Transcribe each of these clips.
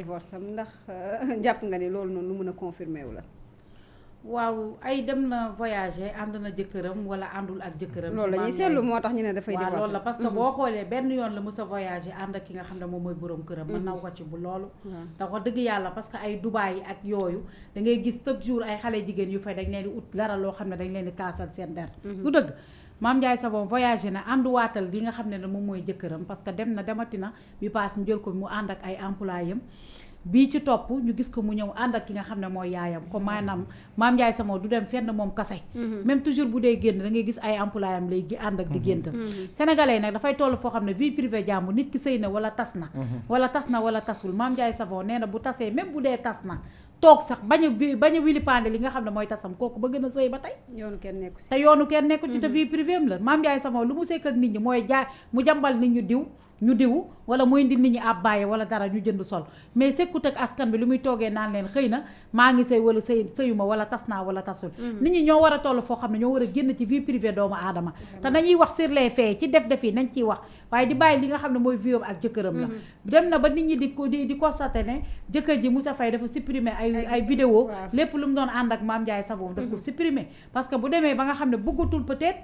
divorce am ndax euh, jàpp nga ne loolu noonu lu mën a confirmé wu la waaw ay dem na voyager ànd na jëkkëram wala àndul ak jëkkëram. loolu la ñuy seetlu moo tax ñu ne dafay divorce waaw loolu la parce que mhm. boo xoolee benn yoon la mës a voyager ànd ak ki nga xam ne mooy borom këram. mën naw ko ci bu loolu. da ko yàlla parce que ay Dubaay ak yooyu da ngay gis chaque jour ay xale jigéen yu fay dañ leen di ut dara loo xam ne dañ leen di kaasal seen mhm. dëgg maam Ndiaye Savon voyager na ànduwaatal li nga xam ne moom mooy jëkkëram parce que dem na demati na bi paas ñu ko mu ànd ak ay employés am bii ci topp ñu gis ko mu ñëw ànd ak ki nga xam ne mooy yaayam ko maanaam maam Ndiaye Sama du dem fenn moom kase mhm. même toujours bu dee génn dangay gis ay employé am lay ànd ak di mhm. génn mhm. sénégalais nag dafay toll foo xam ne vie privée jàmbu nit ki sëy na wala tas na wala tas na wala tasul maam Ndiaye Savon nee na bu tasee même bu dee tas na toog sax bañ a bañ a wili pande li nga xam ne mooy tasam kooku ba gën a sëy ba tey yoonu kenn nekku ci te yoonu kenn nekku ci te vie privée am la mu sekk nit ñi mooy jaay mu jàmbal nit ñu diw ñu diw wala mooy ndi nit ñi ab bàyyi wala dara ñu jënd sol mais sekkut ak askan bi lu muy toogee naan leen xëy na maa ngi sëy wala sëy sëyuma wala tas naa wala tasul mm. nit ñi ñoo war a toll foo xam ne ñoo war a génn ci vie privée doomu aadama mm. te nañuy wax sur les faits ci def def yi nañ ciy wax waaye di bàyyi li nga xam ne mooy viom ak jëkkëram la mm. dem na ba nit ñi di di di constaté ne jëkkër ji sa fay dafa supprimer ay ay vidéo lépp lu mu doon ànd ak Mame Ndiaye Savon ko mm-hmm. supprimer parce que bu demee ba nga xam ne bëggatul peut-être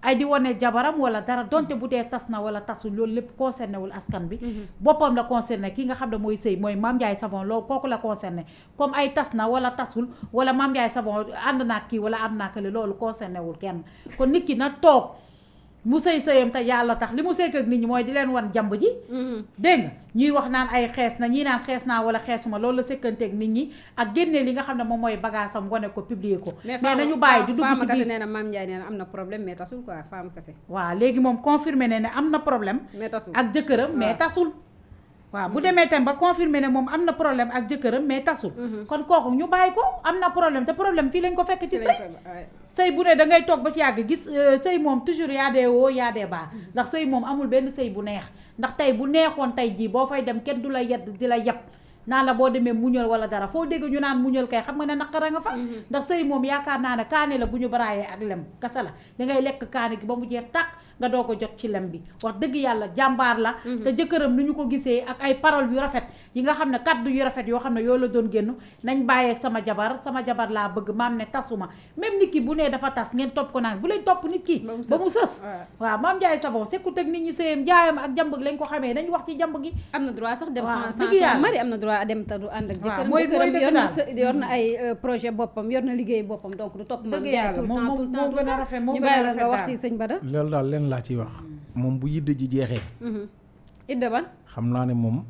ay di wane jabaram wala dara donte bu dee tas na wala tasul loolu lépp concerné wul askan bi mhm. boppam la concerné ki nga xam ne mooy sëy mooy Mame Ndiaye Savon loolu kooku la concerné comme ay tas na wala tasul wala Mame Ndiaye Savon ànd naa kii wala ànd naa kële loolu concerné wul kenn kon nit ki na toog mu sëy sëyam te yàlla tax li mu sëy ak nit ñi mooy di leen wan jàmb ji mm-hmm. dégg nga ñuy wax naan ay xees na ñii naan xees naa wala xeesuma loolu la sëkkanteeg nit ñi ak génne li nga xam ne moom mooy bagage am wane ko publier ko mais nañu bàyyi di dugg ci biir nee na Mame am na problème mais tasul quoi femme se waaw léegi moom confirmé ne ne am na problème mais tasul ak jëkkëram mais tasul waaw bu mhm. demee tam ba confirmer ne moom am na problème ak jëkkëram mais tasul mhm. kon kooku ñu bàyyi ko am na problème te problème fii lañ ko fekk ci sëy sëy bu ne da ngay toog ba ci yàgg gis euh, sëy moom toujours yaa dee woo yaa dee baax mhm. ndax sëy moom amul benn sëy bu neex ndax tey bu neexoon tey jii boo fay dem kenn du la yedd di la yab naan la boo demee muñal wala dara foo dégg ñu naan muñal kay xam nga ne naqara nga fa mm-hmm. ndax sëy moom yaakaar naa ne kaane la bu ñu baraayee ak lem kasa la da lekk kaane gi ba mu jeex tàq nga doo ko jot ci lem bi wax dëgg yàlla jàmbaar la mm-hmm. jëkkëram ni ñu ko gisee ak ay parole yu rafet yi nga xam ne kaddu yu rafet yoo xam ne yoo la doon génn nañ bàyyeeg sama jabar sama jabar laa bëgg maam ne tasuma même nit ki bu nee dafa tas ngeen topp ko naan bu leen topp nit ki ba mu sës waaw maam Ndiaye Savon sekkut ak nit ñi sëyam jaayam ak jàmb lañ ko xamee nañ wax ci jàmb gi am na droit sax dem sama dëgg mari na waa dem te du ànd ak jëkkëram jëkkëram yor na yor na mm-hmm. ay euh, projet boppam yor na liggéey boppam donc du topp man jaay tout le temps tout le temps ñu bàyyi loolu daal leen laa ciy wax mm-hmm. moom bu yidda ji jeexee mm-hmm. idda ban xam naa ne moom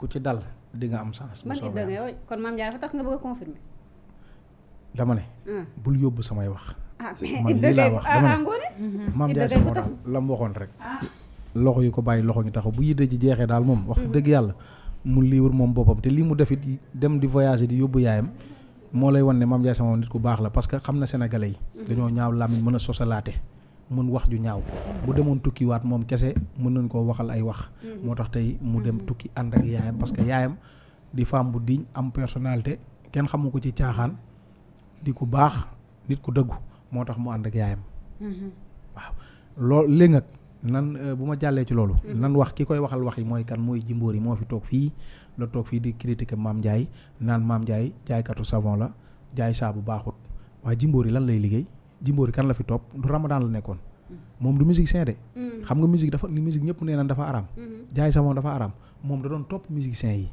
ku ci dal di am sens man idda nga kon maam Ndiaye tas nga a confirmer dama ne mm. bul yóbbu samay wax ah mais idda wax ah ngoone maam Ndiaye sama la mu waxoon rek ah. loxo yu ko bàyyi loxo ñu tax bu yidda ji jeexee daal moom wax dëgg yàlla mu libre moom boppam te lii mu def it dem di voyager di yóbbu yaayam moo lay wan ne Mame Ndiaye Savon nit ku baax la parce que xam na sénégalais yi. dañoo ñaaw làmmiñ mën a sosalaate mën wax ju ñaaw bu demoon tukki waat moom kese mën nañ koo waxal ay wax. moo tax tey mu dem mm-hmm. tukki ànd ak yaayam parce que yaayam di femme bu digne am personnalité kenn xamu ko ci caaxaan di ku baax nit ku dëggu moo tax mu ànd ak yaayam. Mm-hmm. waaw loolu léegi nag nan euh, bu ma jàllee ci loolu. Mm-hmm. nan wax ki koy waxal wax yi mooy kan mooy jimboor yi moo fi toog fii la toog fii di critiquer Maam Ndiaye naan Maam Ndiaye jaaykatu savon la jaay saabu baaxut waaye jimboor yi lan lay liggéey jimboor kan la fi topp du Ramadan la nekkoon. Mm-hmm. moom du musicien de. Mm-hmm. xam nga musique dafa ni musique ñëpp nee nan dafa araam. jaay savon dafa araam moom da doon topp musicien yi.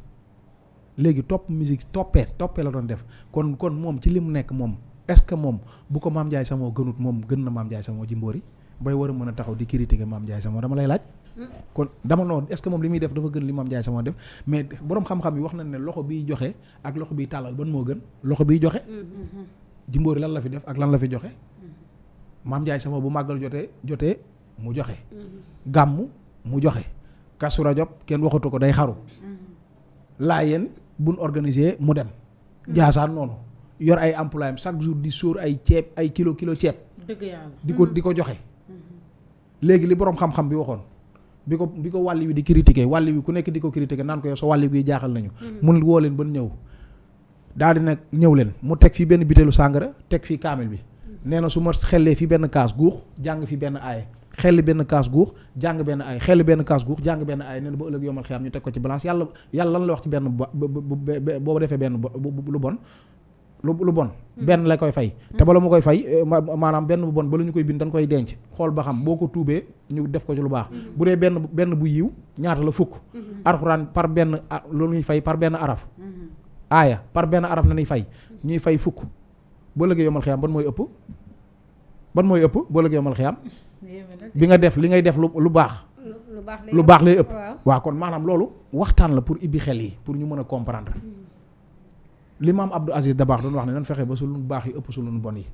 léegi topp musique toppee toppee la doon def kon kon moom ci li mu nekk moom est-ce que moom bu ko Maam Ndiaye Savon gënut moom gën na Maam Ndiaye Savon jimboor yi booy war a mën a taxaw di critiquer Mame Ndiaye Savon dama lay laaj. Hmm? kon dama noonu est-ce que moom li muy def dafa gën li Mame Ndiaye sama def mais borom xam-xam yi wax nañ ne loxo biy joxe ak loxo biy tàllal ban moo gën loxo biy joxe. Hmm, hmm, Jimbori lan la fi def ak lan la fi joxe. Mame Ndiaye Savon bu màggal jotee jotee mu joxe. gàmmu mu joxe. Kazu Rajab kenn waxatu ko day xaru. laa yen buñ organiser mu dem. jaasaan noonu. yor ay employé chaque jour di sóor ay ceeb ay kilo kilo ceeb. dëgg di ko di ko joxe. léegi li boroom xam-xam bi waxoon bi ko bi ko wàll wi di critiquer wàll wi ku nekk di ko critiquer naan ko yow sa wàll wi jaaxal nañu. mun woo leen ban ñëw daal di nag ñëw leen mu teg fi benn butéelu sàngara teg fii kaamil bi nee na su ma xellee fi benn kaas guux jàng fi benn aaye xelli benn kaas guux jàng benn ay xelli benn kaas guux jàng benn ay nee na ba ëllëg yomal xiyaam ñu teg ko ci balance yàlla yàlla lan la wax ci benn booba defee benn lu bon lu bon hmm. benn la koy fay hmm. te bala mu koy fay eh, maanaam benn bu bon bala ñu koy bind dañ koy denc xool ba xam boo ko tuubee ñu def ko ci lu baax hmm. bu dee benn benn bu yiw ñaata la fukk alxuraan par benn ah, lu ñuy fay par benn araf aaya par benn araf na ñuy fay ñuy fay fukk boo lëgee yomal xiyaam ban mooy ëpp ban mooy ëpp boo lëgee yomal xiyaam bi nga def li ngay def lu lu baax lu baax lay ëpp waa kon maanaam loolu waxtaan la pour ibbi xel yi pour ñu mën a comprendre li maam Abdou Aziz Dabaax doon wax ne nan fexe ba su lu baax yi ëpp su lu bon yi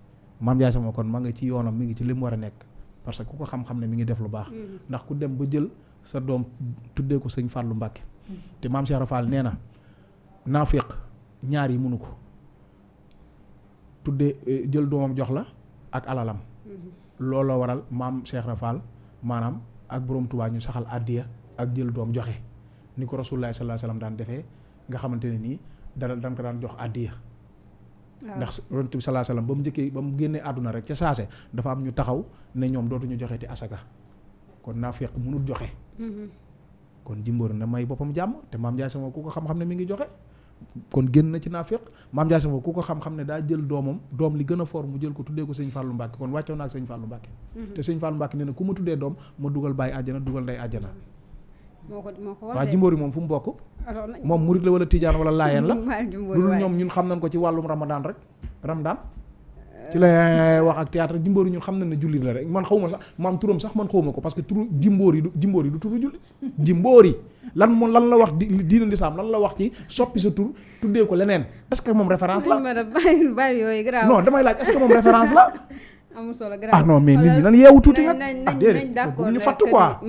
maam Ndiaye sama kon ma nga ci yoonam mi ngi ci li mu war a nekk parce que ku ko xam-xam ne mi ngi def lu baax. Mm-hmm. ndax ku dem ba jël sa doom tuddee ko sëñ lu Mbacke. Mm-hmm. te maam Cheikh Fall nee na naafiq ñaar yi mënu ko tuddee eh, jël doomam jox la ak alalam. Mm-hmm. looloo waral maam Cheikh Fall maanaam ak borom Tuubaa ñu saxal addiya ak jël doom joxe ni ko Rasulullah sallallahu alayhi daan defee nga xamante ne nii. dana dana ko daan jox àddiya ndax yonent bi salaa salaam ba mu njëkkee ba mu génnee àdduna rek ca saase dafa am ñu taxaw ne ñoom dootuñu joxeeti asaka kon naafeq mënul joxe mm-hmm. kon Jimbori na may boppam jàmm te maam Ndiaye sama ku xam-xam ne mi ngi joxe kon génn na ci naafeq maam Ndiaye sama ku ko xam-xam ne daa jël doomam doom li gën a for mu jël ko tuddee ko sëñ Fallou Mbacke kon wàccoo naa ak sëñ Fallou Mbacke mm-hmm. te sëñ Fallou Mbacke nee na ku ma tuddee doom ma dugal bàyyi àjjana dugal ndey àjjana moo ko moo moom fu mu bokk. moom murit la wala tijaan wala laayeen la. loolu ñoom ñun xam nañ ko ci wàllum ramadan rek ramadan. Euh. ci la wax ak théâtre Jimbori ñun xam nañ ne jullit la rek man xawma sax maam turam sax man xawma ko parce que turu Jimbori du Jimbori du turu jullit. Jimbori lan moo lan la wax di diina lislaam lan la wax ci soppi sa tur tuddee ko leneen est que moom référence la. non damay laaj est moom référence la. amul solo grave ah non mais nit ñi nan yeewu tuuti nag. ah déedéet euh, bu ah,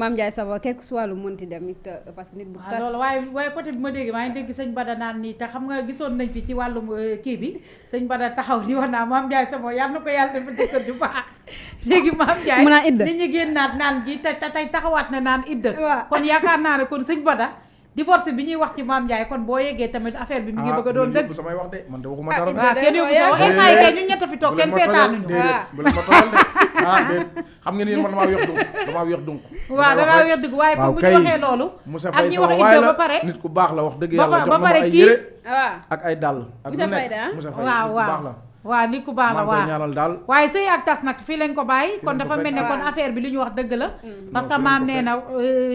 waaye waaye côté ma dégg maa ngi dégg sëñ Bada naan nii te xam nga gisoon nañ fi ci wàllum euh, kii bi sëñ Bada taxaw ni wax naa Mame Ndiaye Savon yàlla na ko yàlla dafa dëkk du baax. léegi Mame Ndiaye mun naa idda nit ñi génnaat naan ji te tey taxawaat na naan idda. kon yaakaar naa ne kon sëñ Bada. divorce bi ñuy wax ci Mame Ndiaye kon boo yeggee tamit affaire bi mi ngi ah, bëgg a doon dëgg ah samay wax de man de waxuma ah, dara de ah, kenn yóbbu sama instant fi toog kenn seetaanuñu bu leen ma tolal de xam nga ni man damaa weex dunk damaa weex dunk waaw da weex dunk waaye comme bu ñu waxee loolu Moussa Faye sama waay la nit ku baax la wax dëgg yàlla jox na ma ay ak ay dàll ak lu nekk Moussa Faye nit la waaw nit ku baax la waaw daal waaye sëy ak tas nag fii lañ ko bàyyi kon dafa mel ne kon affaire bi li ñu wax dëgg la mm. parce que euh, maam nee na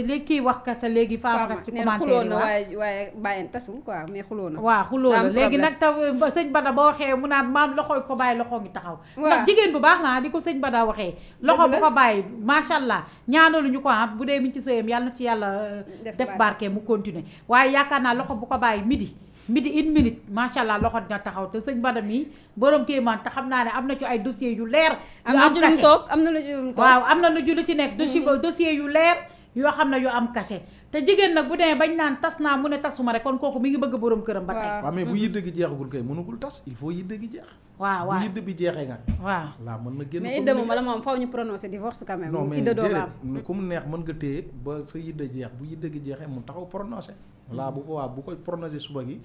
li kii wax kasa léegi faamakas ci commentaire yi waaye waaye bàyyi tasul quoi mais xuloo na waaw xuloo léegi nag ta euh, sëñ Bada boo waxee mu naan maam loxoy ko bàyyi loxo ngi taxaw ndax jigéen bu baax naa di ah, ko sëñ Bada waxee loxo bu ko bàyyi macha allah ñaanalu ñu ko ah bu dee mi ci sëyam yàlla na ci yàlla euh, def barke mu continuer waaye yaakaar naa loxo bu ko bàyyi midi midi une minute macha allah loxo dina taxaw te sëñ Bada mi borom kéemaan te xam naa ne am na ci ay dossier yu leer. yu am kase am na lu lu ci lu ci nekk. Mm-hmm. yu leer yoo xam ne yu am kase. te jigéen nag bu demee bañ naan tas naa mu ne tasuma rek kon kooku mi ngi bëgg borom këram. ba tey waaw mais bu mm-hmm. yidde gi jeexagul kay mënugul tas il faut yidde gi jeex. waaw waaw bu yidde bi jeexee nga. waaw laa mën na génn. mais idda moom moom faaw ñu prononcer divorce quand même. idda doo am ku mu neex mën nga téye ba sa yidde jeex bu yidde gi jeexee mu taxaw prononcer laa bu boobaa bu ko pronosé suba gi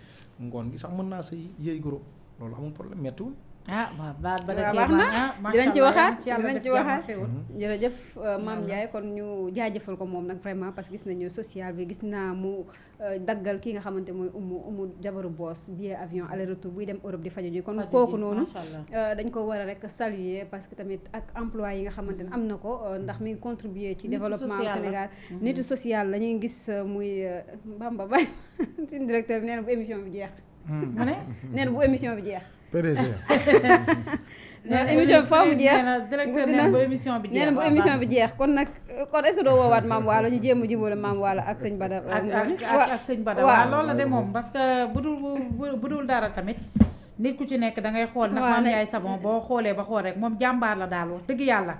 ngoon gi sax mën naa sa yëy goro loolu amul problème méttiwul ah waaw wax na ah, dinañ ci waxaat dinañ ci waxaat mm-hmm. jërëjëf euh, Mame Ndiaye kon ñu jaajëfal ko moom nag vraiment parce que gis nañu social bi gis naa mu euh, daggal ki nga xamante mooy umu umu jabaru boos billet avion aller retour buy dem Europe di fajo ji kon kooku noonu euh, dañ ko war rek saluer parce que tamit ak emploi yi nga xamante ne am na ko mm-hmm. ndax mi ngi contribuer ci développement Sénégal mm-hmm. nitu social la ñuy gis muy Bamba ba suñu directeur bi nee bu émission bi jeex mu ne nee bi jeex PDG émission bi faaw mu jeex bu émission bi jeex bu émission bi jeex kon nag kon est-ce que doo woowaat maam waalo ñu jéem a jubóole maam waalo ak sëñ Bada ak ak sëñ Bada waaw loolu la de moom parce que bu dul bu dul dara tamit nit ku ci nekk da ngay xool nag maam yaay sabon boo xoolee ba xool rek moom jàmbaar la daal wax dëgg yàlla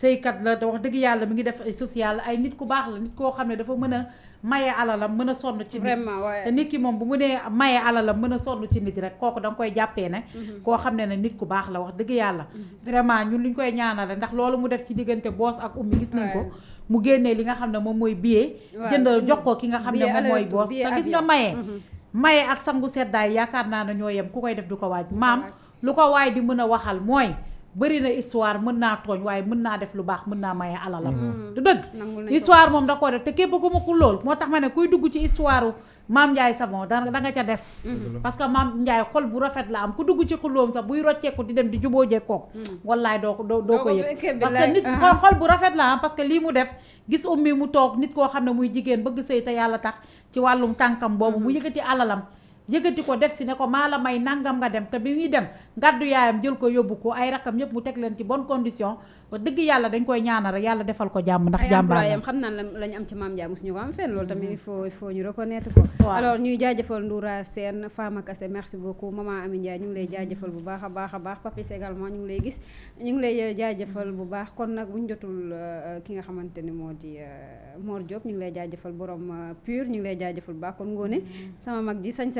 sëykat la da wax dëgg yàlla mi ngi def ay social ay nit ku baax la nit koo xam ne dafa mën a maye alalam mën a sonn ci nit te nit ki moom bu mu nee maye alalam mën a sonn ci nit rek kooku danga koy jàppee ne mhm. koo xam ne ne nit ku baax la wax dëgg yàlla mhm. vraiment ñun li ñu koy ñaanale ndax loolu mu def ci diggante boos ak ummi gis nañ ko mu génnee li nga xam ne moom mooy billet jëndal jox ko ki nga xam ne moom mooy boos te gis nga maye mhm. maye ak sangu seddaay yaakaar naa ne ñoo yem ku koy def du ko waaj maam lu ko waay di mën a waxal mooy bëri na histoire mën naa tooñ waaye mën naa def lu baax mën naa maye alalam mm-hmm. du dëgg histoire moom da koo def te képp ku ma ko lool moo tax ma ne kuy dugg ci histoire maam Ndiaye Savon da nga ca des mm-hmm. parce que maam Ndiaye xol bu rafet la am ku dugg ci xulóom sax buy rocceeku di dem di juboo jeg kooku mm-hmm. wallaay doo ko doo ko yëg parce que nit uh-huh. xol bu rafet la am parce que lii mu def gis ummi mu toog nit koo xam ne muy jigéen bëgg sëy te yàlla tax ci wàllum tànkam boobu mu yëkkati alalam yëgati ko def si ne ko maa la may nangam nga dem te bi muy dem gàddu yaayam jël ko yóbbu ko ay rakam ñëpp mu teg leen ci bon condition ba dëgg yàlla dañ koy ñaanal rek yàlla defal ko jàmm ndax jàmbaar xam naa la ñu am ci maam Ndiaye mosuñu ko am fenn loolu tamit mm-hmm. il faut il faut ñu reconnaître ko alors ñuy jaajëfal Ndoura Sène Fama Kassé merci beaucoup maman Ami Ndiaye ñu ngi lay jaajëfal bu baax a baax a baax Papis également ñu ngi lay gis ñu ngi lay euh, jaajëfal bu baax kon nag bu ñu jotul euh, euh, ki nga xamante ne moo di moor Diop ñu ngi lay jaajëfal borom pur ñu ngi lay jaajëfal bu baax kon ngoone mm-hmm. sama